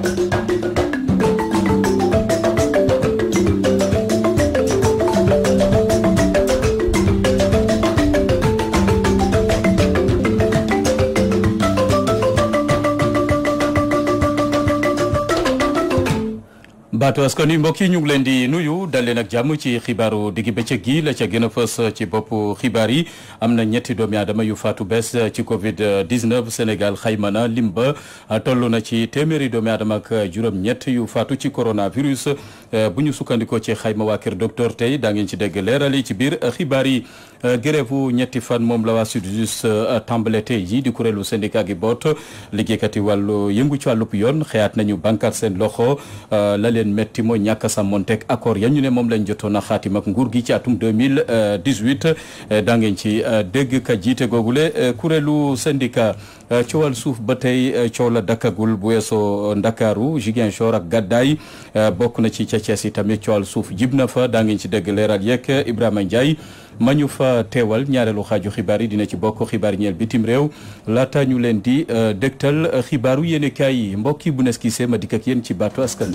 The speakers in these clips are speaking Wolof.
thank you salaatu askan wi mbokk yi ñu ngi leen di nuyu dal leen ak jàmm ci xibaaru diggi bëccëg gii la ca gën a fës ci bopp xibaar yi am na ñetti doomi aadama yu faatu bees ci Covid 19 Sénégal xayma na lim ba toll na ci téeméeri doomi aadama ak juróom-ñett yu faatu ci coronavirus eh, bu ñu sukkandikoo ci xayma waa kër docteur tey daa ngeen ci dégg leeral yi ci biir xibaar yi eh, grève ñetti fan moom la waa SYTJUST eh, tàmbale tey ji di kuréelu syndicat gi boot liggéeykat yi wàllu yëngu ci wàllub yoon xeyaat nañu bànkaat seen loxo metti mooy ñàkk a sàmmonteeg accord ya ñu ne moom lañ jotoon a xaatim ak nguur gi ci atum 2018 daa ngeen ci euh, dégg ka jiite googule euh, kuréelu syndicat euh, coowal suuf ba tey coow la dakkagul bu weeso Ndakaaru Ziguinchor ak Gàddaay bokk na ci ca Cees yi tamit coowal suuf jib na fa daa ngeen ci dégg leeral yeeg Ibrahima Ndiaye ma ñu fa teewal ñaareelu xaaju xibaar yi dina ci bokk xibaar ñeel bitim réew laata ñu leen di dégtal xibaaru yéene kaay mbokk yi bu nes ki seema dikk ak yéen ci baatu askan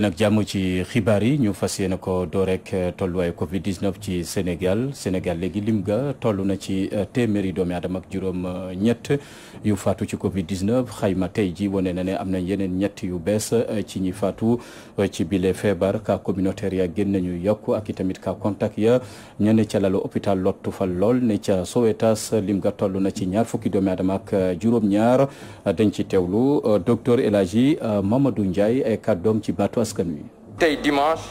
leen ak jàmm ci xibaar yi ñu fas yéene ko doo rek eh, tolluwaayu Covid 19 ci Sénégal Sénégal léegi lim ga toll na ci eh, téeméeri doomi aadama ak juróom-ñett eh, yu faatu ci Covid 19 xayma tey ji wone na ne am nañ yeneen ñett yu bees ci ñi faatu ci bile feebar ka communautaire ya génn nañu yokk ak i tamit ka contact ya ña ne ca lalu hôpital lottu fa lool ne ca Sowetas lim ga toll na ci ñaar fukki doomi aadama ak juróom-ñaar dañ ci teewlu docteur El Hadji Mamadou Ndiaye ay askan wi. tey dimanche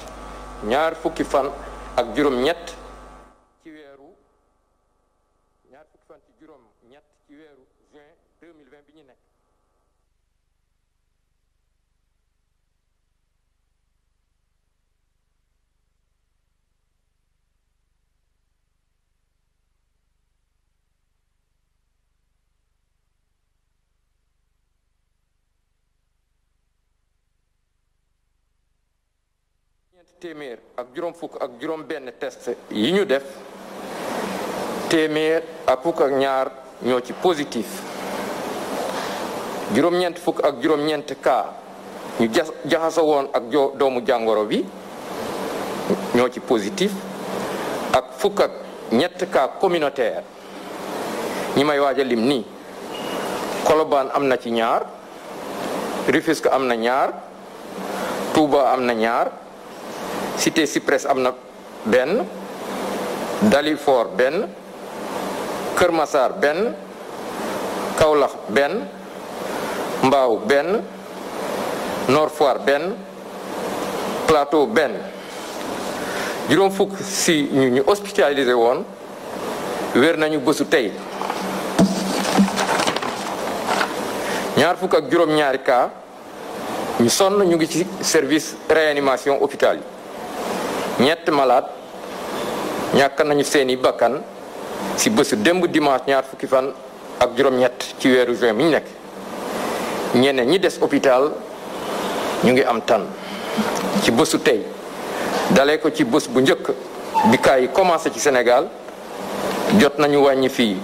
ñaar fukki fan ak juróom-ñett. ñeenti téeméer ak juróom fukk ak juróom benn test yi ñu def téeméer ak fukk ak ñaar ñoo ci positif juróom-ñeent fukk ak juróom-ñeent cas woon ak doomu jàngoro bi ñoo ci positif ak fukk ak ñett cas communautaire ñi may lim nii Colobane am na ci ñaar Rufisque am na ñaar Touba am na ñaar cité Cyprès am na benn Dalifort benn Kër Massar benn Kaolack benn Mbao benn Nord benn Plateau benn juróom fukk si ñu ñu woon wér nañu bësu tey ñaar fukk ak juróom-ñaari cas ñu sonn ñu ngi ci service réanimation hôpital yi ñetti malaat ñàkk nañu seeni bakkan ci bësu démb dimanche ñaar fukki fan ak juróom-ñett ci weeru juin mi ñu nekk ñeneen ñi des hôpital ñu ngi am tan ci bésu tey dalee ko ci bës bu njëkk bi kaay yi commencé ci Sénégal jot nañu wàññi fii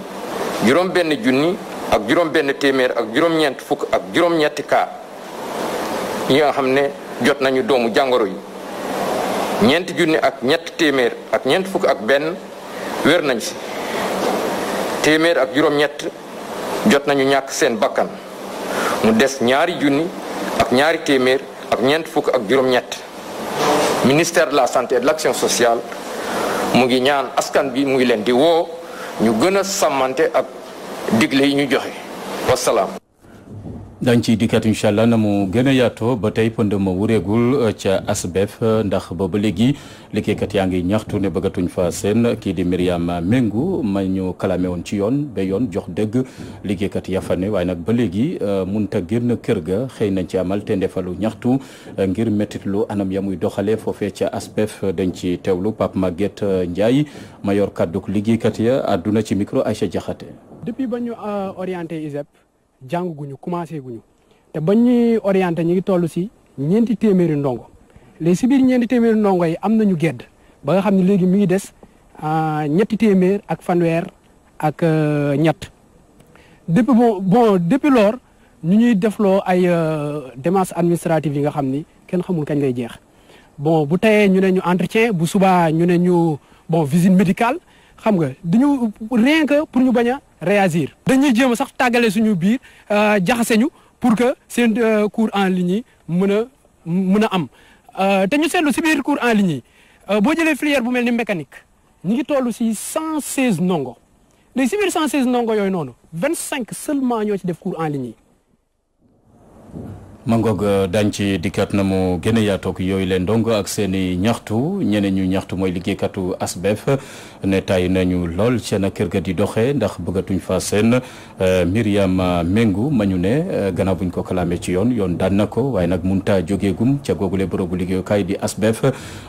juróom benn junni ak juróom benn téeméer ak juróom fukk ak juróom-ñetti cas yi xam ne jot nañu doomu jàngoro yi ñeenti junni ak ñett téeméer ak ñeent fukk ak benn wér nañ si téeméer ak juróom jot nañu ñàkk seen bakkan mu des ñaari junni ak ñaari téeméer ak ñeent fukk ak juróom-ñett ministère de la santé et de l'action sociale mu ngi ñaan askan bi mu ngi leen di woo ñu gën a sàmmante ak digle yi ñu joxe wasalaam. dañ ciy dikkaat incha allah na mu gën a yaatoo ba tey pënd wureegul euh, ca asbef euh, ndax ba ba léegi liggéeykat yaa ngi ñaxtu ne bëggatuñ fa seen kii di Myriam Mengu ma ñu kalame woon ci yoon ba yoon jox dëgg liggéeykat ya fa ne waaye nag ba léegi euh, munta génn kër ga xëy nañ ci amal te ñaxtu ngir méttitlu anam ya muy doxale foofe ca asbef dañ ci teewlu Pape Maguette Ndiaye mayor kàdduk liggéeykat ya àdduna ci micro Aïcha Diakhaté jàng guñu commencé guñu te bañ ñuy orienté ñu ngi toll si ñeenti téeméeri ndongo léegi si biir ñeenti téeméeri ndongo yi am nañu gedd ba nga xam ne léegi mu ngi des ah, ñetti téeméer ak fanweer ak euh, ñett depuis bon bon depuis ñu ñuy defloo ay euh, démarches administratives yi nga xam ni kenn xamul kañ lay jeex bon bu teyee ñu ne ñu entretien bu subaa ñu ne ñu bon visite médicale xam nga duñu rien que pour ñu bañ a réagir dañuy jéem a sax tàggale suñu biir euh, jaxase ñu pour que seen euh, cours en ligne yi mën a mën a am euh, te ñu seetlu si biir cours en ligne boo jëlee filière bu mel ni mécanique ñu ngi toll si 116 nongo léegi si biir 116 ndongo yooyu noonu vingt cinq seulement ñoo ci def cours en ligne mangoog euh, dañ ci dikkaat na mu gën a yaatoog yooyu leen dong ak seen i ñaxtu ñeneen ñu ñaxtu mooy liggéeykatu ASBEF ne tay nañu lool seen a kër ga di doxe ndax bëggatuñ fa seen euh, Myriam Mengu ma ñu ne euh, gannaaw buñ ko kalaamee ci yoon yoon daan na ko waaye nag munta jógeegum ca googule bërëbu liggéeyukaay di ASBEF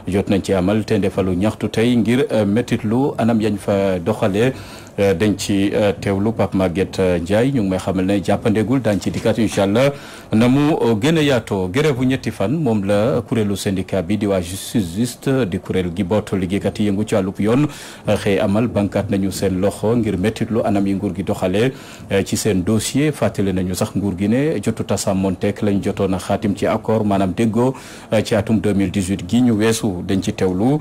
jot nañ ci amal te ndefalu ñaxtu tey ngir métitlu anam yañ fa doxalee Euh, dañ ci euh, teewlu Pape Maguette euh, Ndiaye ñu ngi may xamal ne jàppandeegul daañu ci dikkaat incha allah na mu gën a yaatoo grève bu ñetti fan moom la kuréelu syndicat bi di waa justice juste di kuréel gi boot liggéeykat yi yëngu ci wàllub yoon xëy amal bankaat nañu seen loxo ngir méttitlu anam yi nguur gi doxalee ci seen dossier fàttali nañu sax nguur gi ne jotu tasaamonteeg lañ jotoon a xaatim ci accord maanaam déggoo ci atum 2018 gi ñu weesu dañ ci teewlu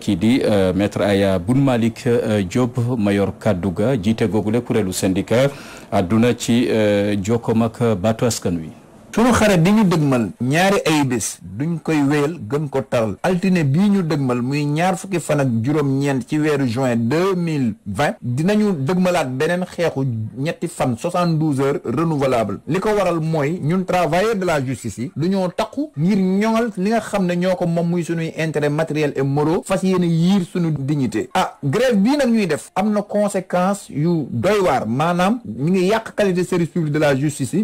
kii di maître Aya Boun Malick Diop mayor dugga ga jiite googule kuréelu syndicat àdduna ci eh, jokkoom ak baatu askan wi sunu xare bi ñu dëgmal ñaari ay bés du ñu koy wéyal gën ko taral altine bii ñu dëgmal muy ñaar fukki fan ak juróom-ñeent ci weeru juin deux mille vingt dinañu dëgmalaat beneen xeexu ñetti fan soixante douze heures renouvelable li ko waral mooy ñun travailleurs de la justice yi du ñoo takku ngir ñoŋal li nga xam ne ñoo ko moom muy suñuy intérêt matériel et moraux fas yéene yiir suñu dignité ah grève bii nag ñuy def am na conséquence yu doy waar maanaam mi ngi yàq qualité service public de la justice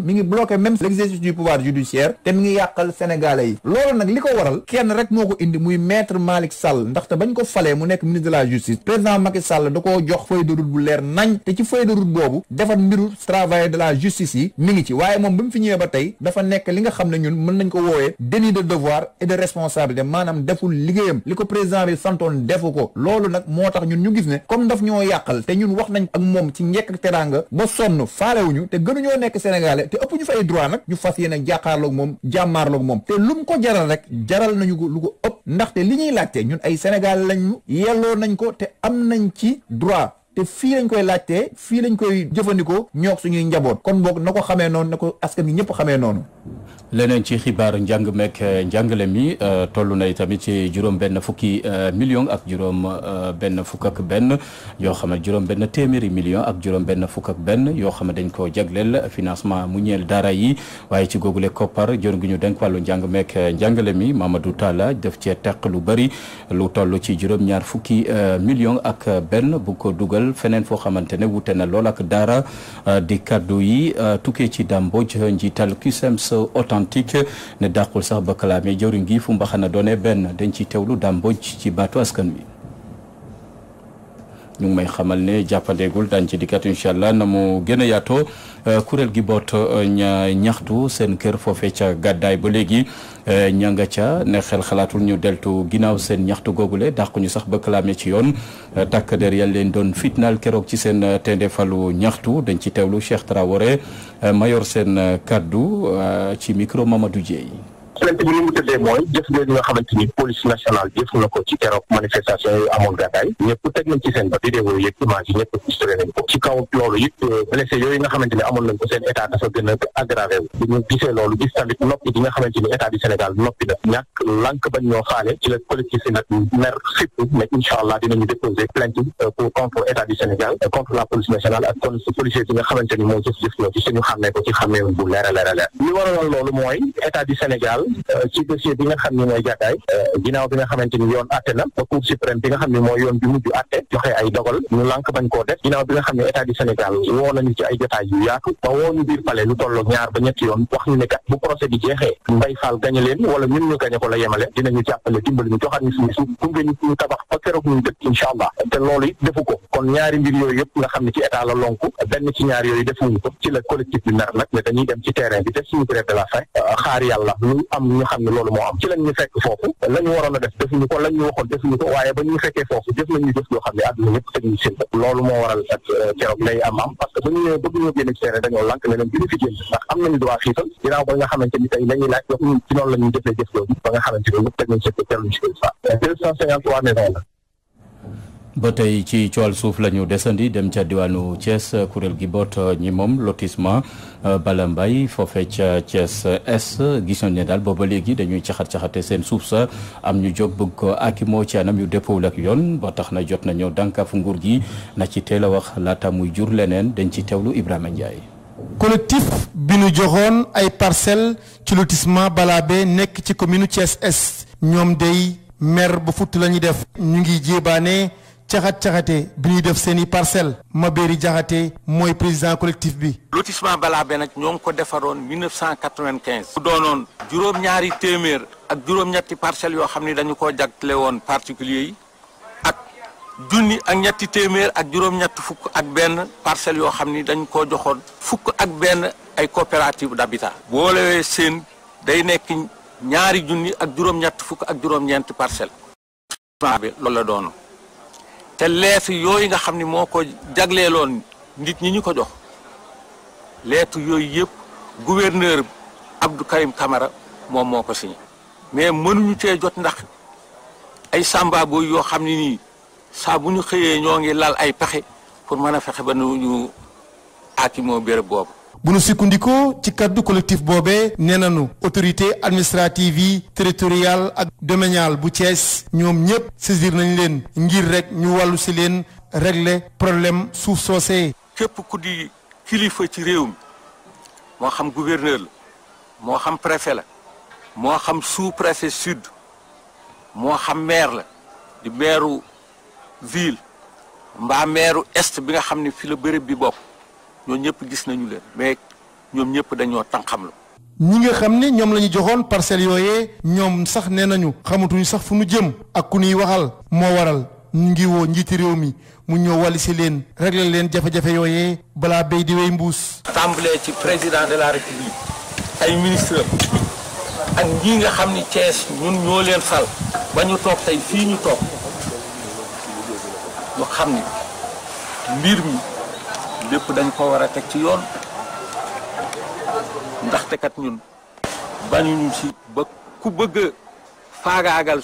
pouvoir judiciaire te mi ngi yàqal sénégalais yi loolu nag li ko waral kenn rek moo ko indi muy maître Malick Sall ndaxte bañ ko falee mu nekk ministre de la justice président Macky Sall da koo jox feuille de route bu leer nañ te ci feuille de route boobu defar mbiru travail de la justice yi mi ngi ci waaye moom bi mu fi ñëwee ba tey dafa nekk li nga xam ne ñun mën nañ ko woowee déni de devoir et de responsabilité maanaam deful liggéeyam li ko président bi santoon moo tax ñun ñu gis ne comme daf ñoo yàqal te ñun wax nañ ak moom ci njekk ak teraanga ba sonn faalewuñu nañ jàkkaarloog moom jàmmaarloog moom te lu mu ko jaral rek jaral nañu ko lu ko ëpp ndaxte li ñuy laajte ñun ay Sénégal lañu yelloo nañ ko te am nañ ci droit te fii lañ koy laajtee fii lañ koy jëfandikoo ñoog suñuy njaboot kon boog na ko xamee noonu na ko askan wi ñëpp xamee noonu leneen ci xibaaru njàng meek euh, njàngale mi euh, toll na tamit ci juróom benn fukki euh, million ak juróom benn fukk ak benn yoo xam ne juróom benn téeméeri million ak juróom benn fukk ak benn yoo xam ne dañ koo jagleel financement mu ñeel daara yi waaye ci googule koppar jor gi ñu denk wàllu njàng meek njàngale mi Mamadou Talla def cee teq lu bëri lu toll ci juróom ñaar fukki million ak benn bu dugal feneen foo xamante ne wute na lool ak dara euh, di kaddu yi euh, tukkee ci damboj njiital CUSEMS authentique ne dàqul sax ba kalaame jëwriñ gi fu mbaxana doone benn dañ ci teewlu dambooj ci baatu askan wi ñu may xamal ne jàppandeegul daañu ci dikkat incha allah na mu gën a yaatoo euh, kuréel gi boot euh, ña ñaxtu seen kër foofe ca gàddaay ba léegi euh, ña nga ca ne xel xalaatul ñu deltu ginnaaw seen ñaxtu googule dàq ñu sax ba clamé ci yoon takk der yal leen doon fitnaal keroog ci seen tendefalu ñaxtu dañ ci teewlu Cheikh Traoré mayor seen kaddu ci micro Mamadou Dieye plainte bi ni mu tëddee mooy jëf nga xamante ni police nationale jëf na ko ci keroog manifestation yu amoon gàddaay ñëpp teg nañ ci seen ba vidéo yeeg image yi ñëpp historié nañ ko ci kaw loolu it euh, blessé yooyu nga xamante ni amoon nañ ko seen état dafa gën a aggravé wu ñu gisee loolu gis noppi gi nga xamante ni état du Sénégal noppi na ñàkk lànk bañ ñoo faale ci la collectif si nag mer fipp mais incha allah dinañu déposer plainte euh, pour contre état euh, bi nga xamante ni moo jëf jëf na ci suñu xàmmee ko ci xàmmee bu leeral euh, ci dossier bi nga xam ni mooy jàkkaay euh, ginnaaw bi nga xamante yoon atte na ba cour suprême bi nga xam ni mooy yoon bi mujj atte joxe ay dogal ñu lànk bañ koo def ginnaaw bi nga xam ne état ba woo ñu biir palais lu tolloog ñaar ba ñetti ko la yemale dinañu jàppale dimbali ñu joxaat ñu suñu suuf gunge ñu ñu tabax ba keroog ñu dëkk incha allah te loolu it defu ko kon ñaari mbir yooyu yëpp nga xam ne ci état la lonku benn ci ñaar yooyu defuñu ko ci la collectif bi nag ne dañuy dem ci terrain bi def suñu grève de la faim am ñu xam ne loolu moo am ci lañ ñu fekk foofu la ñu waroon a def defuñu ko lañ ñu waxoon defuñu ko waaye ba ñu fekkee foofu jëf nañ ñu jëf yoo xam ne àdduna ñëpp teg ñu seen loolu moo waral ak euh, keroog lay am am parce que ba ñu ñëwee bëgg ñoo génn ci terrain dañoo lànk ne leen bi fi génn ndax am nañu droit xiital ginnaaw ba nga xamante ni tey la ñuy ci noonu la ñuy jëfee yooyu ba nga xamante ni teg nañ seen bopp teeluñ si deux cent cinquante trois maisons la ba tey ci coowal suuf la ñu desandi dem ca diwaanu Thiès kuréel gi boot euh, ñi moom lotissement euh, Bala mbay foofe ca Thiès est gisoon ne daal booba léegi dañuy caxat-caxate seen suuf sa am ñu jóg bëgg ko akimoo ci anam yu dëppoowul ak yoon boo tax na jot na ñëw dànkaafu nguur gi na ci teel a wax laata muy jur leneen dañ ci teewlu Ibrahima Ndiaye collectif bi ñu joxoon ay parcelles ci lotissement balaa Mbaye nekk ci commune Thiès est ñoom day mer ba futt la def ñu ngi jéebaane caxat-caxate bi ñuy def seen i parcelle Mabéri Jaxate mooy président collectif bi lotissement bala be nag ñoo ngi ko defaroon 1995 bu doonoon juróom-ñaari téeméer ak juróom-ñetti parcelles yoo xam ni dañu koo jagtale woon particulier yi ak junni ak ñetti téeméer ak juróom fukk ak benn parcelles yoo xam ni dañu koo joxoon fukk ak benn ay coopérative d'habitat boolewee seen day nekk ñaari junni ak juróom-ñett fukk ak juróom-ñeenti parcelles. loolu la doon te lettre yooyu nga xam ni moo ko jagleeloon nit ñi ñu ko jox lettre yooyu yëpp gouverneur Abdou Karim Camara moom moo ko signé mais mënuñu cee jot ndax ay samba yoo xam ni nii saa bu ñu xëyee ñoo ngi lal ay pexe pour mën a fexe ba nu ñu akimoo béréb boobu bu nu sukkandikoo ci kàddu collectif boobee nee nañu autorité administrative yi territoriale ak domaniale bu Thiès ñoom ñëpp saisir nañ leen ngir rek ñu wàllu si leen régler problème suuf soosee. képp ku di kilifa ci réew mi moo xam gouverneur la moo xam préfet la moo xam sous préfet sud moo xam maire la di maireu ville mbaa maireu est bi nga xam ne fi la bërëb bi bokk. ñoom ñëpp gis nañu leen mais ñoom ñëpp dañoo tànqamlu ñi nga xam ne ñoom la ñu joxoon parcelles yooyee ñoom sax nee nañu xamatuñu sax fu nu jëm ak ku nuy waxal moo waral ñu ngi woo njiiti réew mi mu ñëw wàlli si leen régler leen jafe-jafe yooyee balaa béy di mbuus. tàmbalee ci président de la république ay ministre ak ñi nga xam ni Thiès ñun ñoo leen fal ba ñu toog tey fii ñu toog ñu xam ni mbir mi. lépp dañ ko war a teg ci yoon ndaxte kat ñun bañuñu ci ba ku bëgg faagaagal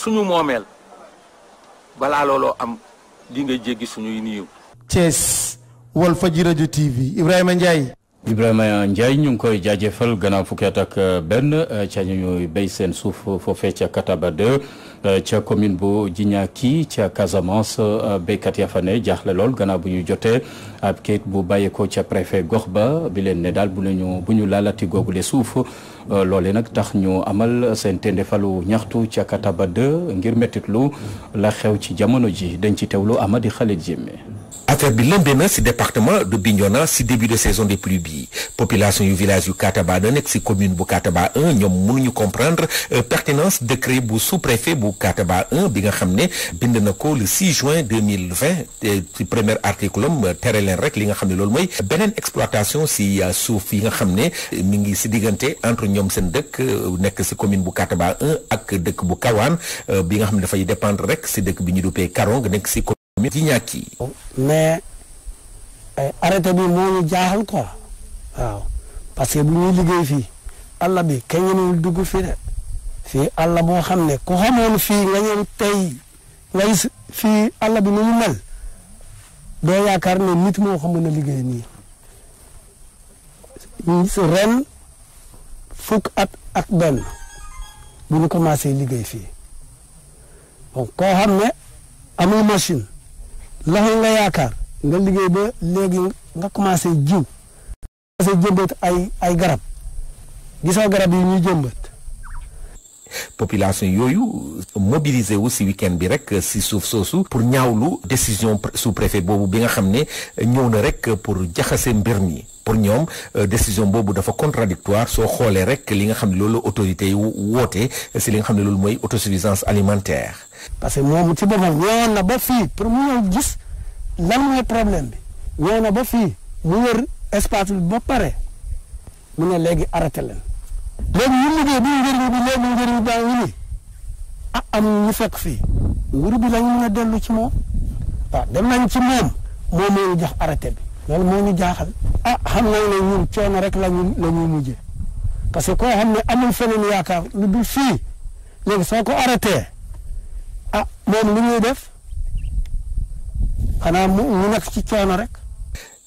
suñu moomeel balaa looloo am di nga jéggi suñuy niiw. Thiès Walfadjri rajo TV Ibrahima Ndiaye. Ibrahima Ndiaye ñu ngi koy jaajëfal gannaaw fukki at benn ca ñu bay seen suuf foofee ca Kataba 2. Euh, ca commune bu Djinaki ca Casamance euh, béykat ya fa ne jaaxle lool gannaaw bu ñu jotee ab kayit bu ko ca préfet gox ba bi leen ne daal bu ñu bu ñu laalati googule suuf euh, loole nag tax ñu amal seen tendefalu ñaxtu ca Kataba 2 ngir mettitlu la xew ci jamono ji dañ ci teewlu Amady xale Jemme affaire bi lëmbee na ci département de Bignona ci début de saison des pluies bi population yu village yu Kataba na nekk ci commune bu Kataba 1 ñoom mënuñu comprendre euh, pertinence bu sous-préfet bu Kataba 1 bi nga xam ne bind na ko le 6 juin 2020 ci premier article am euh, tere leen rek li nga xam ne loolu mooy beneen exploitation ci euh, suuf yi nga xam ne mi ngi si diggante entre ñoom seen dëkk nekk ci commune bu Kataba 1 ak dëkk bu Kawane bi nga xam ne dafay dépendre rek ci dëkk bi ñu duppee Karong nekk ci mi ci yi. mais eh, arrêté bi moo ñu jaaxal quoi waaw parce que bu ñuy liggéey fii àll bi kañ ngeen dugg fii de fii àll boo xam ne ku xamoon fii nga ñëw tey nga gis fii àll bi nu mu mel doo yaakaar ne nit moo ko mën a liggéey nii ren fukk ak benn bu ñu commencé liggéey fii bon koo xam amul machine. laxal nga yaakaar nga liggéey ba léegi nga commencé jiw commencé jëmbat ay ay garab gisoo garab yi ñuy jëmbat population yooyu mobilisé wu si week bi rek si suuf soosu pour ñaaw lu décision sous-préfet boobu bi nga xam ne ñëw na rek pour jaxase mbir mi pour ñoom euh, décision boobu dafa contradictoire soo xoolee rek li nga xam ne loolu autorité yi wootee si li nga xam ne loolu mooy autosuffisance alimentaire parce que moom ci boppam ñëwoon na ba fii pour mu ñëw gis lan mooy problème bi na ba fii mu wër espace bi ba pare mu ne léegi arrêté leen léegi ñu liggéey bi njëriñ bi ah mën a dellu ci moom waaw dem nañ ci moom moom moo ñu jox arrêté bi loolu moo ñu jaaxal ah xam nañ ne ñun coono rek la ñu la parce que koo xam ne amul feneen yaakaar lu dul fii léegi soo ko arrêté ah moom lu ñuy def xanaa mu mu nekk ci coono rek.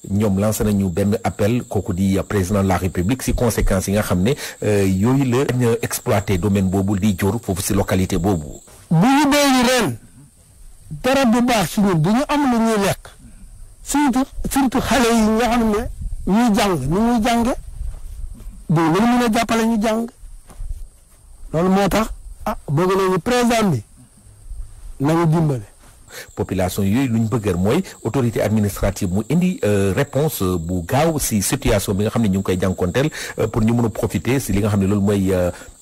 ñoom lancé nañu benn appel kooku di président de la république si conséquences yi nga xam ne euh, yooyu la. dañ exploité domaine boobu di jur foofu si localité boobu. bu bu baax si ñun am lu ñuy lekk surtout surtout xale yi nga xam ne ñuy jàng ni ñuy jànge du lu ñu a jàppale ñu jàng loolu moo tax ah bëgg nañu président bi. nañu dimbale. population yooyu lu ñu bëgg mooy autorité administrative mu indi euh, réponse euh, bu gaaw si situation bi nga xam ne ñu ngi koy jànkonteel euh, pour ñu mën a profiter si li nga xam ne loolu mooy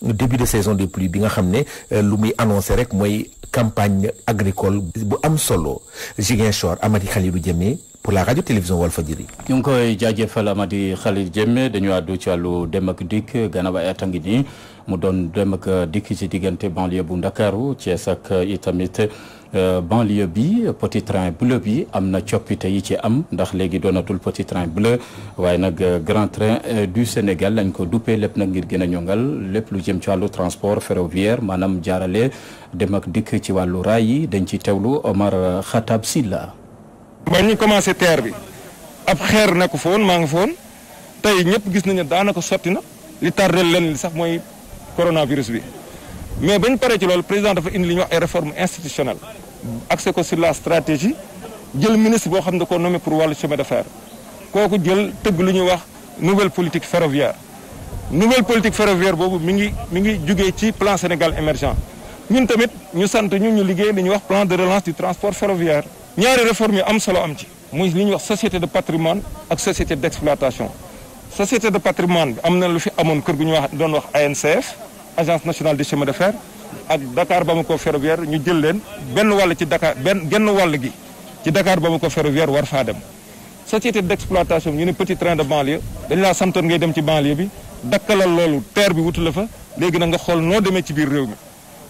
début de saison de pluies bi nga xam ne lu muy annoncé rek mooy campagne agricole bu am solo Ziguinchor Amady Khalilou Diémé pour la radio télévision Walfadjri ñu ngi koy jaajëfal Amady Khalil Diémé dañu àddu ci wàllu dem ak dikk gannaaw ay at a ngi nii mu doon dem euh, dikk ci diggante banlieue bu Ndakaaru Thiès ak euh, itamit euh, banlieue bi petit train bleu bi am na coppite yi ci am ndax léegi doonatul petit train bleu waaye nag grand train du Sénégal lañ ko duppee lépp nag ngir gën a ñongal lépp lu jëm ci wàllu transport ferroviaire maanaam jaarale dem ak dikk ci wàllu raay yi dañ ci teewlu Omar Khatab Silla. ba ñu commencé TER bi ab xeer ko foon maa ngi foon tey ñëpp gis nañu daanaka sotti na li tardé leen coronavirus bi mais bañ paree ci loolu président dafa indi li ñu wax ay réformes institutionnelles axé ko sur la stratégie jël ministre boo xam ne ko nommé pour wàllu chemin de fer kooku jël tëgg lu ñuy wax nouvelle politique ferroviaire nouvelle politique ferroviaire boobu mi ngi mi ngi jugee ci plan Sénégal émergent ñun tamit ñu sant ñu ñu liggéey li ñuy wax plan de relance du transport ferroviaire ñaari réformes yu am solo am ci muy li ñuy wax société de patrimoine ak société d' exploitation société de patrimoine bi am na lu fi amoon kër gu ñu wax doon wax ANCF agence nationale du chemin de fer ak Dakar Bamako ferroviaire ñu jël leen benn wàll ci Dakar benn genn wàll gi ci dakaar Dakar Bamako ferroviaire war faa dem. société d'exploitation ñu ne petit train de banlieue dañ laa santoon ngay dem ci banlieue bi dakkalal loolu teer bi wutu la fa léegi na nga xool noo demee ci biir réew mi.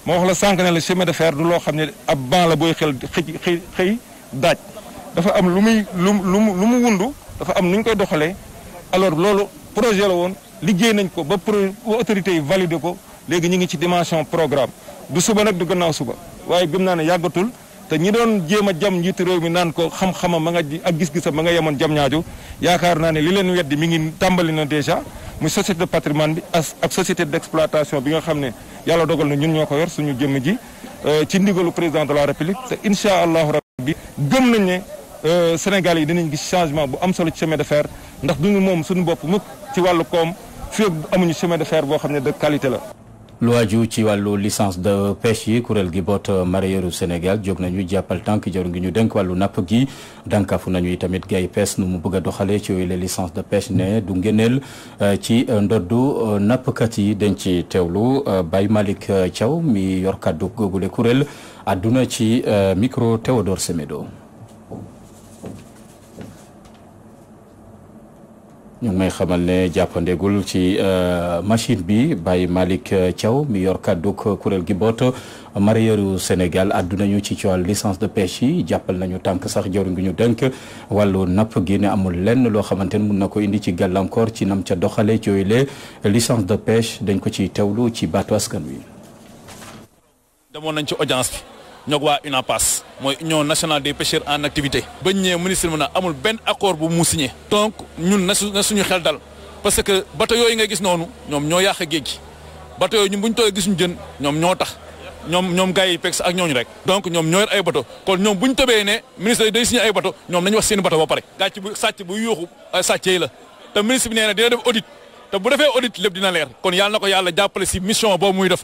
moo wax la sànq ne la chemin de fer du loo xam ne ab ban la booy xel xëy xëy xëy daaj dafa am lu muy lu mu lu mu wundu dafa am nu ñu koy doxalee alors loolu projet la woon liggéey nañ ko ba pro autorités yi validé ko. léegi ñu ngi ci dimension programme du suba nag du gannaaw suba waaye gëm naa ne yàggatul te ñi doon jéem a jam njiitu réew mi naan ko xam-xama ma nga ak gis gisa ma nga yemoon jam ñaaju yaakaar naa ne li leen weddi mi ngi tàmbali na déjà muy société de patrimoine bi ak société d'exploitation bi nga xam ne yàlla dogal na ñun ñoo ko yor suñu jëmm ji euh, ci ndigalu président de la république te incha allahu rabbi gëm nañ ne euh, Sénégal yi dinañ gis changement bu am solo ci chemin de fer ndax duñu moom suñu bopp mukk ci wàllu koom fii amuñu chemin de fer boo xam ne de qualité la lu aju ci wàllu licence de pêche yi kuréel gi boot euh, mareyeur Sénégal jóg nañu jàppal tànk jaru ngi ñu dénk wàllu napp gi dànkafu nañu tamit gay pêche nu mu bëgg a doxalee ci yooyu les licences de pêche ne du ngéneel euh, ci euh, ndoddu nappkat yi dañ ci teewlu Baye Malick caw mi yor kàddu googule kuréel àdduna ci micro Théodore Semedo ñu ngi may xamal ne jàppandegul ci euh, machine bi Baye Malick caw euh, mi yor kàdduk kuréel gi boot mareyeur yu Sénégal àdduna ñu ci ci wàllu licence de pêche yi jàppal nañu tànk sax jawriñ gi ñu dénk wàllu napp gi ne amul lenn loo xamante ne mun na ko indi ci gàllankoor ci nam ca doxale ci yooyu lee licence de pêche dañ ko ciy teewlu ci baatu askan wi. demoon nañ ci audience ñoog waa UNAPAS mooy union nationale de pêcheurs en activité bañ ñëwee ministre bi nag amul benn accord bu mu signé donc ñun na su na suñu xel dal parce que bateau yooyu nga gis noonu ñoom ñoo yàq géej gi bateau yooyu ñun bu ñu tooyee gisuñu jën ñoom ñoo tax ñoom ñoom gars yi pex ak ñooñu rek donc ñoom ñoo ay bateau kon ñoom bu ñu ne ministre yi day signé ay bateau ñoom nañu wax seen bateau ba pare gàcc bu sàcc bu yuuxu sàcc yi la te ministre bi nee dina def audit te bu defee audit lépp dina leer kon yàlla ko yàlla jàppale si mission boobu muy def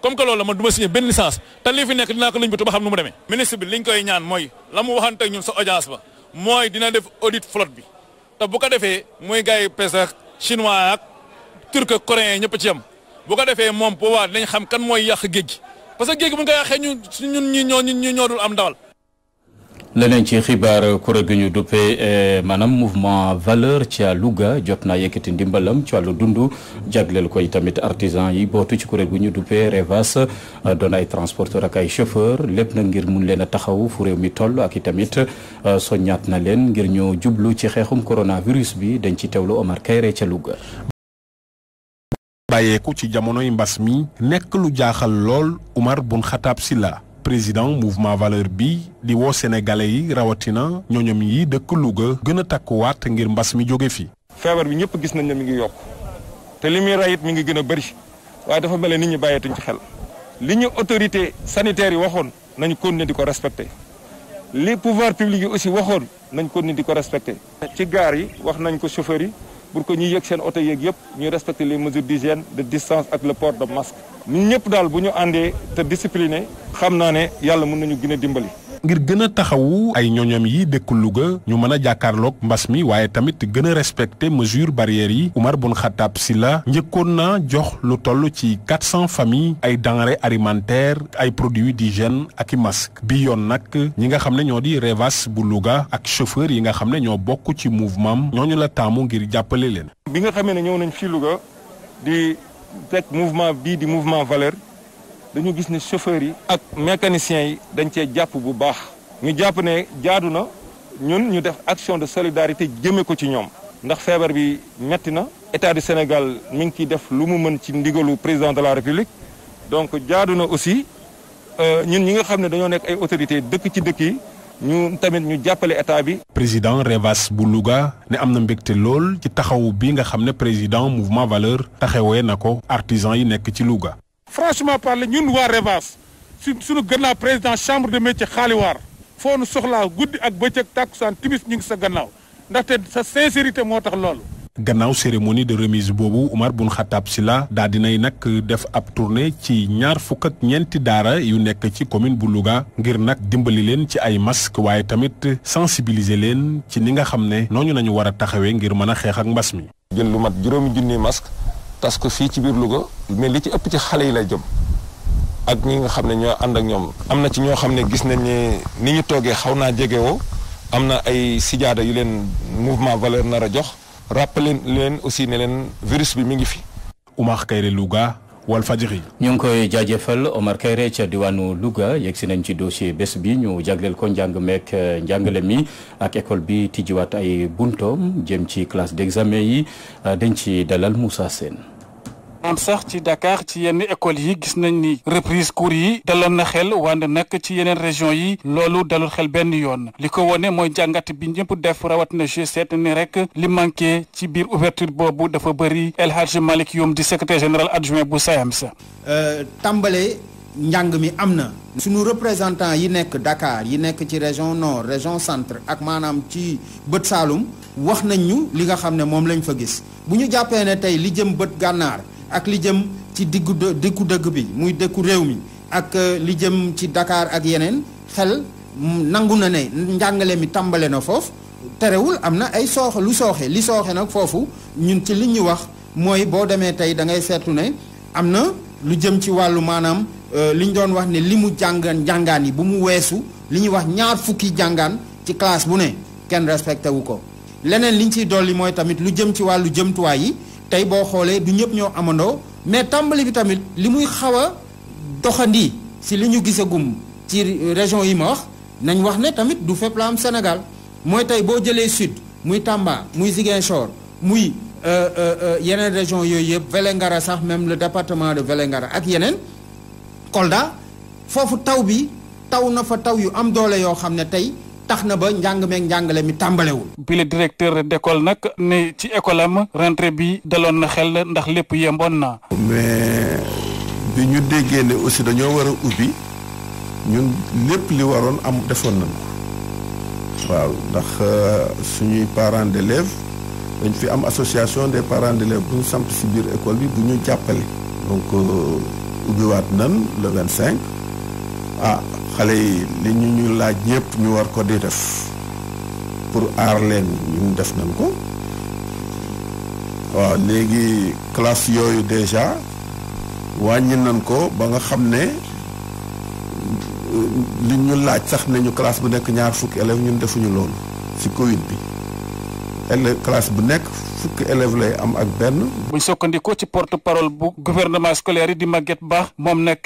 comme que loolu la man du ma signé benn licence te lii fi nekk dinaa ko lëñbatu ba xam nu mu demee. ministre bi liñ ñaan mooy la mu waxante ak ñun sa audience ba mooy dina def audit flotte bi te bu ko defee mooy gars yi pes ak chinois ak turc ak coréen ñëpp ci am bu ko defee moom pouvoir dinañ xam kan mooy yàq géej gi que géej gi bu ñu ko yàqee ñun ñun ñii ñoo ñun ñii dul am dawal leneen ci xibaar kuréel gi ñu duppee eh, maanaam mouvement valeur ci Louga jot naa yëkkati ndimbalam ci wàllu dund jagleel ko yi tamit artisan yi bootu ci kuréel gu ñu duppee Revas eh, doon ay transporteur ak ay chauffeur lépp na ngir mun leen a taxaw fu réew mi toll ak i tamit eh, soññaat na leen ngir ñoo jublu ci xeexum coronavirus bi dañ ci teewlu Omar Kayre ca Louga. bàyyeeku ci jamonoy mbas mi nekk lu jaaxal lool Umar bun Xataab Silla président mouvement valeur bi di woo sénégalais yi rawatina ñooñom yi dëkk Louga gën a takkuwaat ngir mbas mi jóge fi feebar bi ñëpp gis nañ ne mi ngi yokk te li muy rayit mi ngi gën a bëri waaye dafa mel ni nit ñi bàyyeetuñ ci xel li ñu autorité sanitaire yi waxoon nañ continuer di ko respecté li pouvoir public yi aussi waxoon nañ continuer di ko respecté ci gaar yi wax nañ ko chauffeur pour que ñuy yëg seen oto yeeg yëpp ñu respecter les mesures d'hygiène de distance ak le port de masque. ñun ñëpp daal bu ñu àndee te discipliné xam naa ne yàlla mun nañu gën a dimbali. ngir gën a taxawu ay ñoñom yi dëkku Louga ñu mën a jàkkaarloog mbas mi waaye tamit gën a respecté mesure barrières yi Oumar Boun si la njëkkoon na jox lu toll ci 400 familles ay denrées alimentaires ay produits d'hygiène ak i masque bi yoon nag ñi nga xam ne ñoo di Revas bu Louga ak chauffeur yi nga xam ne ñoo bokk ci mouvement ñooñu la taamu ngir jàppale leen bi nga xamee ne ñëw nañ fii Louga di teg mouvement bii di mouvement valeur dañu gis ne chauffeurs yi ak mécaniciens yi dañ cee jàpp bu baax ñu jàpp ne jaadu na ñun ñu def action de solidarité jëmee ko ci ñoom ndax feebar bi metti na état du Sénégal mi ngi ciy def lu mu mën ci ndigalu président de la République donc jaadu na aussi euh, ñun ñi nga xam ne dañoo nekk ay autorités dëkk ci dëkk yi ñu tamit ñu jàppale état bi. président Revas bu Louga ne am na mbégte lool ci taxawu bi nga xam ne président mouvement valeur taxawee na ko artisan yi nekk ci Louga. franchement parler ñun waa Revaas su suñu gannaaw président chambre de métier xaaliwaar foo nu soxlaa guddi ak bëccëg tàkkusaan timis ñu ngi sa gannaaw ndaxte sa sincérité moo tax loolu gannaaw cérémonie de remise boobu Umar bun Xataab Sila daa dinay nag def ab tournée ci ñaar fukk ak ñeenti daara yu nekk ci commune bu Louga ngir nag dimbali leen ci ay masque waaye tamit sensibiliser leen ci ni nga xam ne nooñu nañu war a taxawee ngir mën a xeex ak mbas mi jël mat juróomi junni parce que fii ci biir Louga mais li ci ëpp ci xale yi lay jëm ak ñi nga xam ne ñoo ànd ak ñoom am na ci ñoo xam ne gis nañ ne ni ñu toogee xaw naa jegewoo am na ay sijaada yu leen mouvement valeur nar a jox rappelé leen aussi ne leen virus bi mi ngi fi Oumar Kairé Louga Walfadjri ñu ngi koy jaajëfal Omar Kayre ca diwaanu Louga yegsi nañ ci dossier bés bi ñu jagleel ko njàng meek eh, njàngale mi ak école bi tijjiwaat ay buntoom jëm ci classe d'examen yi eh, dañ ci dalal Moussa seen am sax ci Dakar ci yenn école yi gis nañ ni reprise cours yi daloon na xel wante nag ci yeneen région yi loolu dalul xel benn yoon li ko wone mooy jàngat bi ñëpp def rawat na G7 ni rek li manqué ci biir ouverture boobu dafa bëri El Hadj Malick Youm di secrétaire général adjoint bu SAEMS. Euh, tàmbale njàng mi am na. sunu représentant yi nekk Dakar yi nekk ci région nord région centre ak maanaam ci bët Saalum wax nañ ñu li nga xam ne moom lañ fa gis bu ñu jàppee ne tey li jëm bët gànnaar. ak li jëm ci diggu diggu dëgg bi muy dëkku réew mi ak euh, li jëm ci dakaar ak yeneen xel nangu na ne njàngale mi tàmbale na foofu terewul am na ay sooxe lu sooxe li sooxe nag foofu ñun ci li ñuy wax mooy boo demee tey da ngay seetu ne am na lu jëm ci wàllu maanaam euh, li ñu doon wax ne li mu jàngaan jàngaan yi bu mu weesu li ñuy wax ñaar fukki jàngaan ci classe bu ne kenn respecté ko leneen li ñu ciy dolli mooy tamit lu jëm ci wàllu jëmtuwaay yi tey boo xoolee du ñëpp ñoo amandoo mais tàmbali bi tamit li muy xaw a doxandi si li ñu gis gisagum ci région yi ma wax nañ wax ne tamit du fépp la am Sénégal mooy tey boo jëlee sud muy Tamba muy Ziguinchor muy euh, euh, euh, yeneen région yooyu yëpp Vélingara sax même le département de Vélingara ak yeneen Kolda foofu taw bi taw na fa taw yu am doole yoo xam ne tey tax na ba njàng njàngale mi tàmbalewul bi le directeur d'école nag ne ci école am rentrée bi daloon na xel ndax lépp yemboon na mais bi ñu déggee ne aussi dañoo war a ubbi ñun lépp li waroon am defoon nañ ko waaw ndax euh, suñuy parents d'élèves dañ fi am association des parents d'élèves bu ñu samp si biir école bi bu ñu jàppale donc euh, ubbiwaat nan le vingt cinq ah xale yi li ñu ñu laaj yëpp ñu war ko di def pour aar leen ñun def nañ ko waaw léegi classe yooyu déjà wàññi nañ ko ba nga xam ne li ñu laaj sax nañu classe bu nekk ñaar fukki élèves ñun defuñu loolu ci Covid bi élève classe bu nekk fukki élève lay am ak benn buñ sokkandikoo ci porte parole bu gouvernement scolaire yi di Maguette Ba moom nag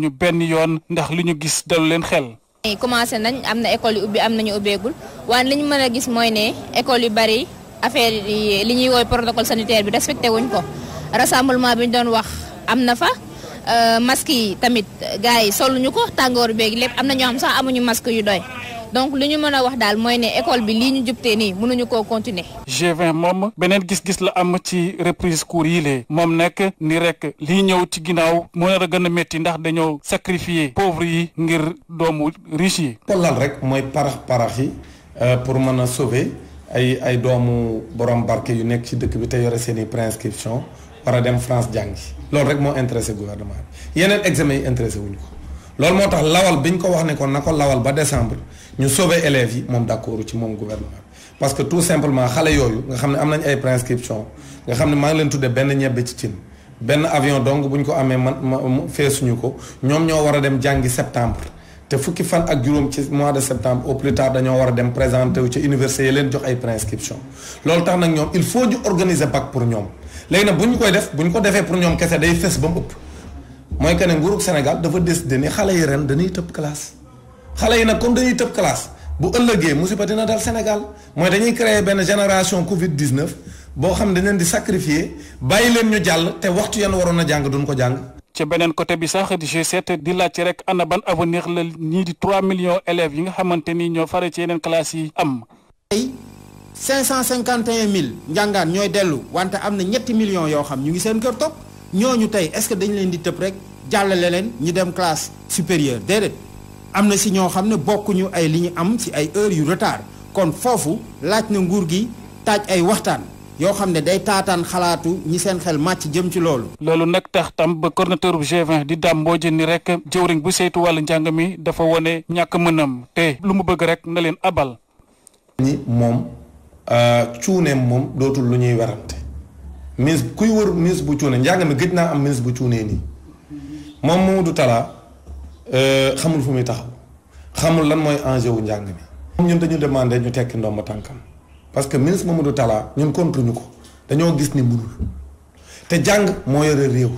ñu benn yoon ndax lu ñu gis dalu leen xel commencé nañ am na école yu ubbi am nañu ubbeegul waaye li ñu mën a gis mooy ne école yu bari affaire yi li ñuy woy protocole sanitaire bi respecté wuñ ko rassemblement bi ñu doon wax am na fa euh, masque yi tamit gars yi soluñu ko tàngoor beeg lépp am na ñoo xam sax amuñu masque yu doy donc li ñu mën a wax daal mooy ne école bi lii ñu jubtee nii mënuñu koo continuer. G20 moom beneen gis-gis la am ci reprise cours yi lee moom nekk ni rek lii ñëw ci ginnaaw moo nar a gën a métti ndax dañoo sacrifier pauvre yi ngir doomu riche lan rek mooy parax parax yi euh, pour mën a sobe ay ay doomu borom barke yu nekk ci dëkk bi te yore seen i préinscription war a dem France jàngi loolu rek moo intéressé gouvernement bi yeneen examen yi intéressé wuñ ko loolu moo tax lawal biñ ko wax nekkoon ko na ko lawal ba décembre. ñu sauver élèves yi moom d'accord ci moom gouvernement parce que tout simplement xale yooyu nga xam ne am nañ ay préinscription nga xam ne maa ngi leen tudde benn ñebbe ci cin benn avion donc bu ñu ko amee man ma feesuñu ko ñoom ñoo war a dem jàngi septembre te fukki fan ak juróom ci mois de septembre au plus tard dañoo war a dem présenter wu ca université yi leen jox ay préinscription loolu tax nag ñoom il faut ñu organiser bac pour ñoom léegi nag bu ñu koy def bu ñ ko defee pour ñoom kese day fës ba mu ëpp mooy Sénégal dafa décider ni xale yi ren dañuy tëb classe xale yi nag comme dañuy tëb classe bu ëllëgee musiba dina dal Sénégal mooy dañuy créer benn génération Covid 19 boo xam dañ leen di sacrifier bàyyi leen ñu jàll te waxtu yan waroon a jàng duñ ko jàng. ci beneen côté bi sax di G7 laajte rek ana ban avenir la ñii di 3 millions élèves yi nga xamante ni ñoo fara ci yeneen classes yi am. tey 551000 njàngaan ñooy dellu wante am na ñetti millions yoo xam ñu ngi seen kër toog ñooñu tey est-ce que dañ leen di tëb rek jàllale leen ñu dem classe supérieure déedéet. am na si ñoo xam ne bokkuñu ay li ñu am si ay heures yu retard kon foofu laaj na nguur gi taaj ay waxtaan yoo xam ne day taataan xalaatu ñi seen xel màcc jëm ci loolu. loolu nag tax tam ba coordonnateur bu g di Dame Mbodji ni rek jëwriñ bu saytu walla njàng mi dafa wone ñàkk mënam te lu mu bëgg rek na leen abal. ñi moom euh, cuuneem moom dootul lu ñuy werante ministre kuy wër ministre bu cuune njàng mi gëj naa am ministre bu cuunee nii moom Mamadou Talla Euh, xamul fu muy taxaw xamul lan mooy enjeu wu njàng mi. comme ñun dañu demandé ñu tekki ndoom ndomba tànkam parce que ministre Mamadou Talla ñun contre ñu ko dañoo gis ni mënul te jàng moo yore réew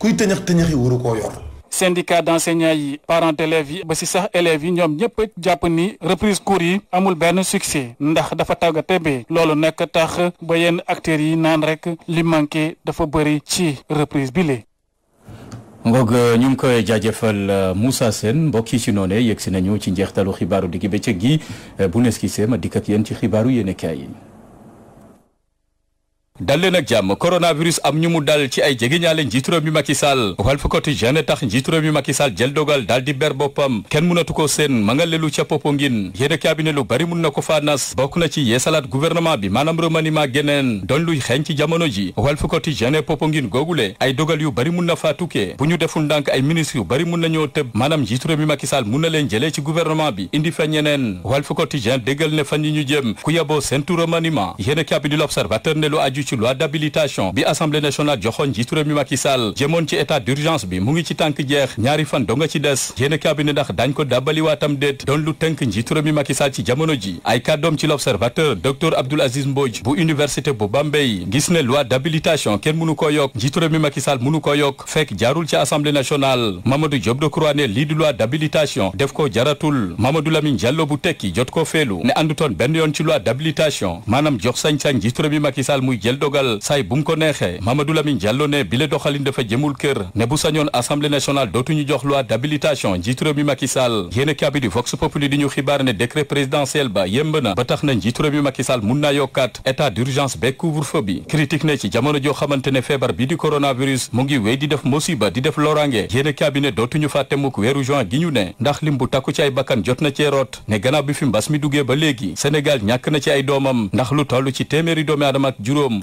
kuy tëñax tëñax yi waru koo yor. syndicat d'enseignants yi parents d'élèves yi ba ci sax élèves yi ñoom ñëpp jàpp ni reprise cours yi amul benn succès ndax dafa tàgga tebe loolu nekk tax ba yenn acteurs yi naan rek li manqué dafa bëri ci reprise bi le ngoog euh, ñu ngi koy jaajëfal euh, Moussa seen mbokk yi ci noone yegg si nañu ci njeextalu xibaaru digg bëccëg gi euh, bu nes ki seema dikk ak yéen ci xibaaru yéenekaay yi dal leen ak jàmm coronavirus am ñu mu dal ci ay jegeñaale njiitu réew mi Macky Sall Walf Quotidien tax njiitu réew mi Macky Sall jël dogal daal di ber boppam kenn mënatu seen ma nga lelu ca Popenguine yéen cabinet lu bari mun na ko faa nas bokk na ci yeesalaat gouvernement bi maanaam remaniement geneen doon luy xeeñ ci jamono ji Walf Quotidien Popenguine googule ay dogal yu bari mun na faa tukkee bu ñu deful ay ministre yu bari mun nañoo maanaam njiitu réew mi Macky na leen jëlee ci gouvernement bi indi fa ñeneen Walf Quotidien déggal ci loi d'habilitation bi assemblée nationale joxoon jiitu réew mi Macky Sall jëmoon ci état d'urgence bi mu ngi ci tànk jeex ñaari fan donga ci des yéen cabinet ndax dañ ko dàbbaliwaatam déet doon lu tënk njiitu mi Macky ci jamono ji ay kàddoom ci l'observateur docteur Abdoul Aziz Mbodj bu université bu Bambey gis ne loi d'habilitation kenn mënu ko yokk njiitu mi Macky mënu ko yokk fekk jaarul ci assemblée nationale Mamadou Diop Decroix ne lii du dogal saay bu mu ko neexee Mamadou Lamine Diallo ne bile doxalin dafa jëmul kër ne bu sañoon assemblée nationale dootuñu jox loi d'habilitation njiitu réew mi Macky Sall yéene Vox Populi di ñu xibaar ne décret présidentiel ba yemb na ba tax na njiitu mi Macky mun naa yokkaat état d'urgence ba couvre bi critique ne ci jamono joo xamante ne feebar bii di coronavirus mu ngi wéy di def musiba di def lorange yéene kaabi dootuñu fàtte mukk weeru juin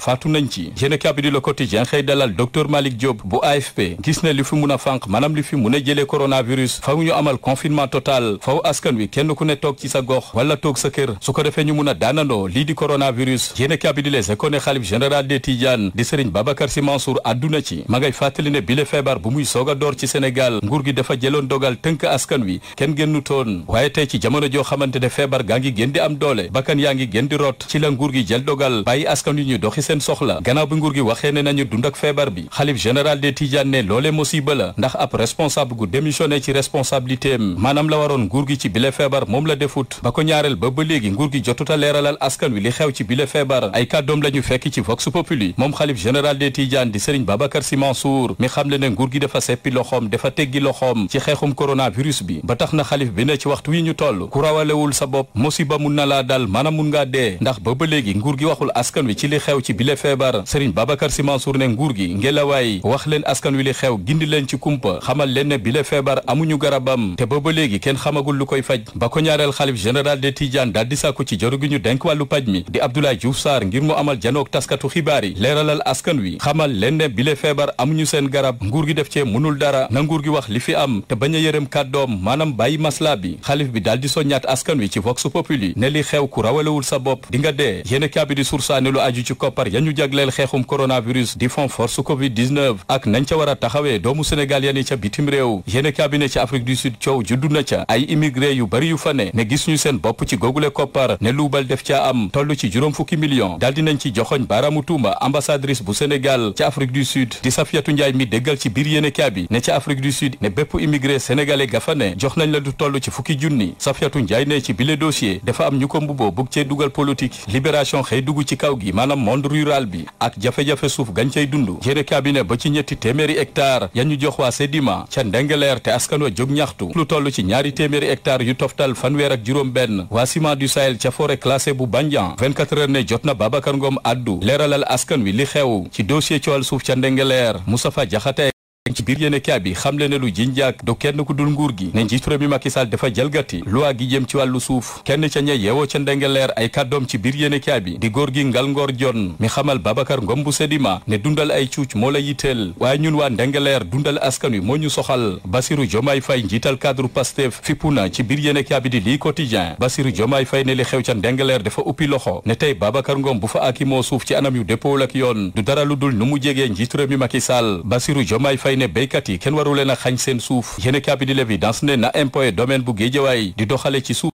moom faatu ci yéenekaay bi di Le Quotidien xëy dalal docteur Malick Diop bu AFP gis ne li fi mun a fànq maanaam li fi mun a jëlee coronavirus faw ñu amal confinement total faw askan wi kenn ku ne toog ci sa gox wala toog sa kër su ko defee ñu mun a daanandoo lii di coronavirus yéenekaay bi di Les Échos ne xalif général des Tidianes di Serigne Babacar Sy Mansour àdduna ci ma ngay fàttali ne bile feebar bu muy soog a door ci Sénégal nguur gi dafa jëloon dogal tënk askan wi kenn génnu toon waaye tey ci jamono joo xamante ne feebar gaa ngi gën di am doole bakkan yaa ngi gën di rot ci la nguur gi jël dogal bàyyi askan wi ñu doxi seen soxla gannaaw bi nguur gi waxee ne nañu dund ak feebar bi xalif général des Tidiane ne loolee musiba la ndax ab responsable gu démissionné ci responsabilité am la waroon nguur gi ci bile feebar moom la defut ba ko ñaareel ba ba léegi nguur gi jotuta leeralal askan wi li xew ci bile feebar ay kàddoom la fekk ci vox populi moom xalif général des Tidiane di Serigne Babacar Sy Mansour mi xam le nguur gi dafa seppi loxoom dafa teggi loxoom bi ba tax na wi ñu toll sa bopp musiba mun na laa dal maanaam mun ngaa dee ndax ba ba bi le feebar Serigne Babacar Sy Mansour ne nguur gi ngelawaay wax leen askan wi li xew gindi leen ci kumpa xamal leen ne bi feebar amuñu garabam te booba léegi kenn xamagul lu koy faj ba ñaareel xalif général de Tidiane daal di ci jëru gi ñu denk wàllu paj mi di Abdoulaye Diouf ngir mu amal janook taskatu xibaar yi leeralal askan wi xamal leen ne bi feebar amuñu seen garab nguur gi def cee mënul dara na nguur gi wax li fi am te bañ a yërëm kàddoom maanaam bàyyi masla bi xalif bi daal ya ñu jagleel xeexum coronavirus di fond force covid 19 ak nañ ca war a taxawee doomu sénégal ya ca bitim réew yéene cabinet ci afrique du sud coow juddu na ca ay immigré yu bari yu fa ne ne gis ñu seen bopp ci googule koppar ne luubal def ca am toll ci juróom fukki million daal nañ ci joxoñ baaraamu tuuma ambassadrice bu sénégal ci afrique du sud di Safiatou Ndiaye mi déggal ci biir yéene kaabi ne ca afrique du sud ne bépp immigré sénégalais ga ne jox nañ la toll ci fukki junni Safiatou Ndiaye ne ci bile dossier dafa am ñu ko mbuboo bug cee dugal politique libération xëy dugg ci kaw gi maanaam rural bi ak jafe-jafe suuf gancay dund jëre cabinet ba ci ñetti téeméeri hectare ya jox waa Sedima ca Ndengeleer te askan wa jóg ñaxtu lu toll ci ñaari téeméeri hectare yu toftal fanweer ak juróom benn waa du Sahel ca forêt classée bu Bandian ne jot na Babacar Ngom addu leeralal askan wi xew ci dossier coowal suuf ca Ndengeleer Moustapha Diakhaté ci biir yéenekaay bi xamle ne lu jiñ du kenn ku dul nguur gi ne njiitu réew mi Macky Sall dafa jalgati loi gi jëm ci wàllu suuf kenn ca ña yeewoo ca ndengeleer ay kàddoom ci biir yéenekaay bi di góor gi ngal ngoor jon mi xamal Babacar Ngom bu Sedima ne dundal ay cuuc moo la yitteel waaye ñun waa ndengeleer dundal askan wi moo ñu soxal Basirou Diomaye fay njiital cadre Pastef fippu na ci biir yéenekaay bi di lii quotidien Basirou Diomaye fay ne li xew ca ndengeleer dafa uppi loxo ne tey Babacar Ngom bu fa akimoo suuf ci anam yu déppool ak yoon du fay ne kenn waru leen seen suuf yéene kaabidi l'évidence ne na impôt domaine bu géejawaay di doxale ci suuf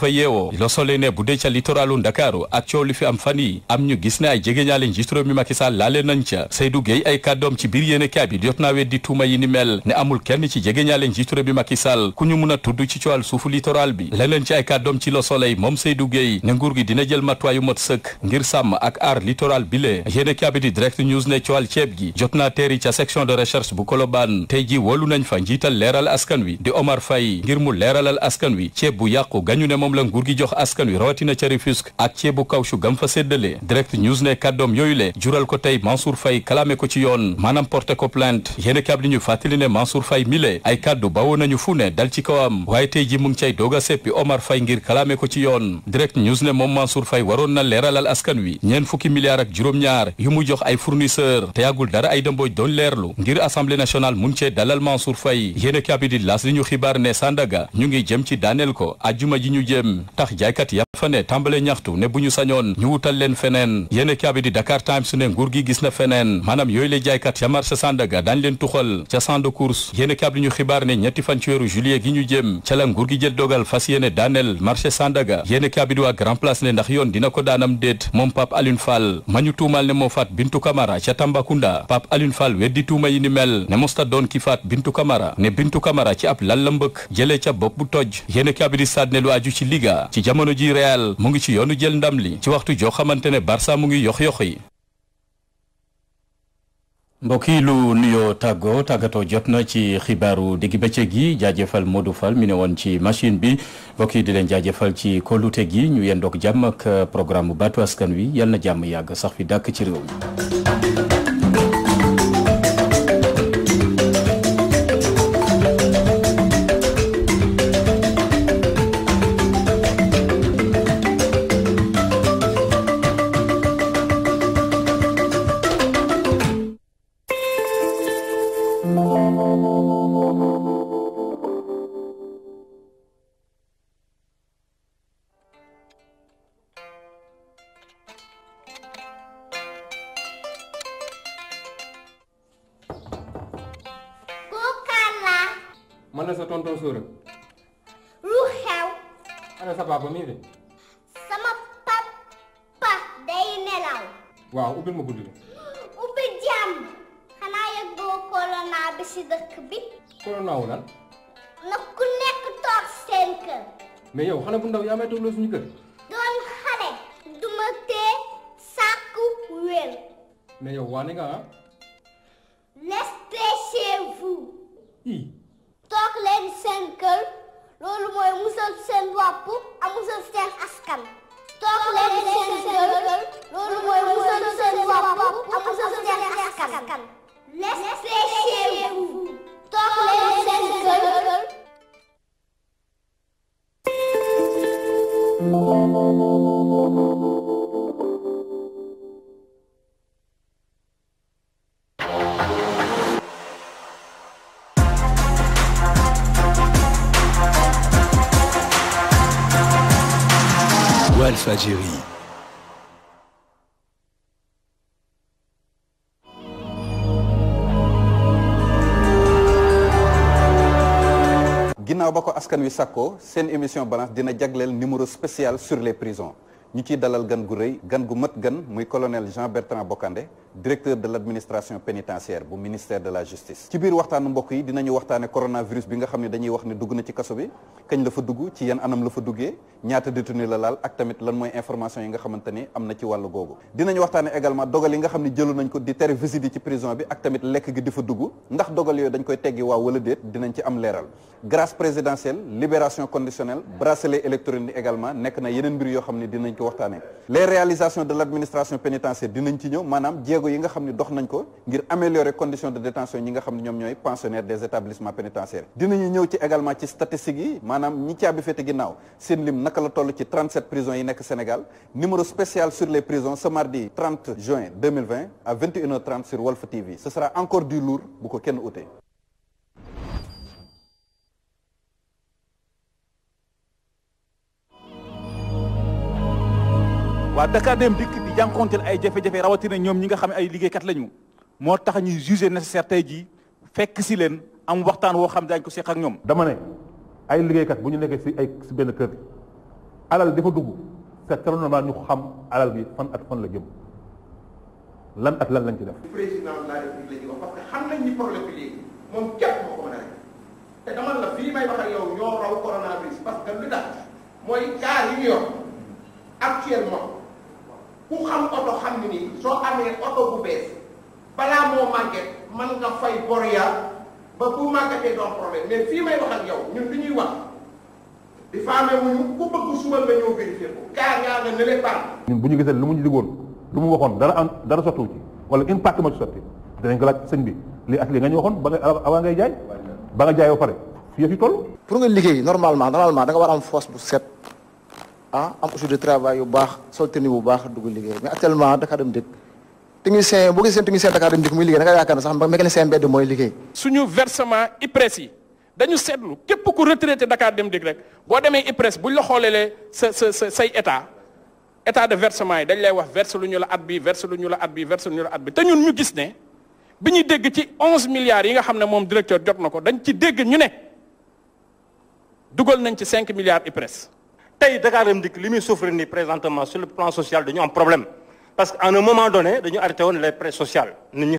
pa yeewoo lo sole ne bu dee ca littoralu ndakaaru ak coow li fi am fan yi am ñu gis ne ay jegeñaale njiit réew mi Macky Sall laale nañ ca Seydou Gueye ay kàddoom ci biir yéene kaay bi jot naa weddi tuuma yi ni mel ne amul kenn ci jegeñaale njiit réew mi Macky Sall ku ñu mun a tudd ci coowal suufu littoral bi leneen ci ay kàddoom ci lo soleil moom Seydou Gueye ne nguur gi dina jël matuwaayu mot sëkk ngir sàmm ak aar littoral bi lee yéene kaay bi di direct news ne coowal ceeb gi jot naa teeri ca section de recherche bu Colobane tey ji wóolu nañ fa njiital leeral askan wi di Omar Faye ngir mu leeralal askan wi ceeb bu yàqu gañu ne moom moom la nguur gi jox askan wi rawatina ca Rufisque ak ceebu kawsu gam fa séddale a ngir kalaame ko ci yoon direct news ne moom Mansour Faye waroon na leeralal askan wi ñeen fukki milliards ak juróom-ñaar yu mu jox ay fournisseur te yàggul dara ay dëmbooj doon leerlu ngir assemblée nationale mun cee dalal Mansour Faye yéena kaab di laas li ñu xibaar ne Sandaga ñu ngi jëm ci daaneel ko ajjuma ji ñu jëm yéem tax jaaykat ya fa ne tàmbale ñaxtu ne bu ñu sañoon ñu wutal leen feneen yéene kaabi Dakar Times ne nguur gi gis na feneen maanaam yooyu la jaaykat ya marché Sandaga daañ leen tuxal ca champ de course ñu xibaar ne ñetti fan weeru juillet gi ñu jëm ca la nguur gi jël dogal fas yéene daaneel marché Sandaga yéene kaabi waa Grand Place ne ndax yoon dina ko daanam déet moom Pape Alioune ma ñu tuumal ne moo faat Bintu Kamara ca Tambacounda Pape Alioune liga ci jamono ji Real mu ngi ci yoonu jël ndam li ci waxtu joo xamante ne barsa mu ngi yox yox yi mbokk yi lu nuyoo tàggoo tàggatoo jot na ci xibaaru digg bëccëg gi jaajëfal modufal mu mi ne woon ci machine bi mbokk yi di leen jaajëfal ci kóolute gi ñu yendook jàmm ak programme baatu askan wi yal na jàmm yàgg sax fi dàkk ci réew seen kër. mais yow xale bu ndaw yaa may toogloo suñu kër. doon xale. du ma tee sàkku wér. mais yow waane nga ah. restez chez vous. ii. toog leen seen kër loolu mooy musal seen bopp ak musal seen askan. toog leen seen kër loolu mooy musal seen bopp ak musal seen askan. restez chez vous. toog leen seen kër. Alpha Jerry. ginnaaw ba ko askan wi sàkkoo seen émission balance dina jagleel numéro spécial sur les prisons ñu ciy dalal gan gu rëy gan gu mat gan muy colonel Jean Bertrand bokkande directeur de l'administration pénitentiaire bu ministère de la justice ci biir waxtaanu mbokk yi dinañu waxtaane coronavirus bi nga xam ne dañuy wax ne dugg na ci kaso bi kañ la fa dugg ci yan anam la fa duggee ñaata détenu la laal ak tamit lan mooy information yi nga xamante ni am na ci wàllu googu dinañu waxtaane également dogal yi nga xam ne jëlu nañ ko di tere visite yi ci prison bi ak tamit lekk gi di fa dugg ndax dogal yooyu dañ koy teggi waaw wala déet dinañ ci am leeral nekk na yeneen mbir yoo xam ne dinañ ko waxtaane les réalisations de maanaam jéego jéego yi nga xam ne dox nañ ko ngir améliorer condition de détention ñi nga xam ne ñoom ñooy pensionnaires des établissements pénitentiaires dinañu ñëw ci également ci statistiques yi maanaam ñi caabi féete ginnaaw seen lim naka la toll ci 37 prisons yi nekk Sénégal numéro spécial sur les prisons ce mardi 30 juin 2020 à sur Walf TV ce encore du lourd bu ko kenn ute jànkonteel ay jafe-jafe rawatina ñoom ñi nga xam ne ay liggéeykat lañu moo tax ñuy jugé nécessaire tey jii fekk si leen am waxtaan woo xam daañu ko seq ak ñoom. dama ne ay liggéeykat bu ñu nekkee si ay benn kër alal dafa dugg ñu xam alal bi fan at fan la jëm lan at lañ ci def. de fii may wax yow ñoo raw coronavirus parce que lu tax mooy cas yi ñu yor ku xam oto xam ni nii soo amee oto bu bees balaa moo màgget mën nga fay bor ba bu màggatee doo problème mais fii may wax ak yow ñun li ñuy wax di faamee wuñu ku bëgg suba nga ñëw vérifier ko gaa ngaa nga nële baax ñun bu ñu gisee lu mu ñu diggoon lu mu waxoon dara am dara sottiwu ci wala une partie ci sotti danañ ko laaj bi lii ak lii nga ñu waxoon ba nga avant ngay jaay ba nga jaay ba pare fii yëf yi toll pour nga liggéey normalement normalement da nga war am force bu set ah am outil de travail yu baax sol tenue bu baax dugg liggéey mais actuellement Dakar Dem Dikk technicien boo gisee technicien Dakar Dem Dikk muy liggéey da nga yaakaar ne sax mécanicien mbedd versement IPRES yi dañu seetlu képp ku retraité Dakar Dem Dikk rek boo demee IPRES buñ la xoolelee sa sa sa say état état de versement yi dañ lay wax verse lu ñu la at bi verse lu ñu la at bi verse lu ñu la at bi te ñun ñu gis ne bi ñu dégg ci onze milliards yi nga xam ne moom directeur jot na ko dañ ci dégg ñu ne dugal nañ ci cinq milliards IPRES. tey Dakar Dem Dikk li muy souffrir nii présentement sur le plan social dañu am problème parce que à un moment donné dañu arrêté woon les prêts sociaux nit ñi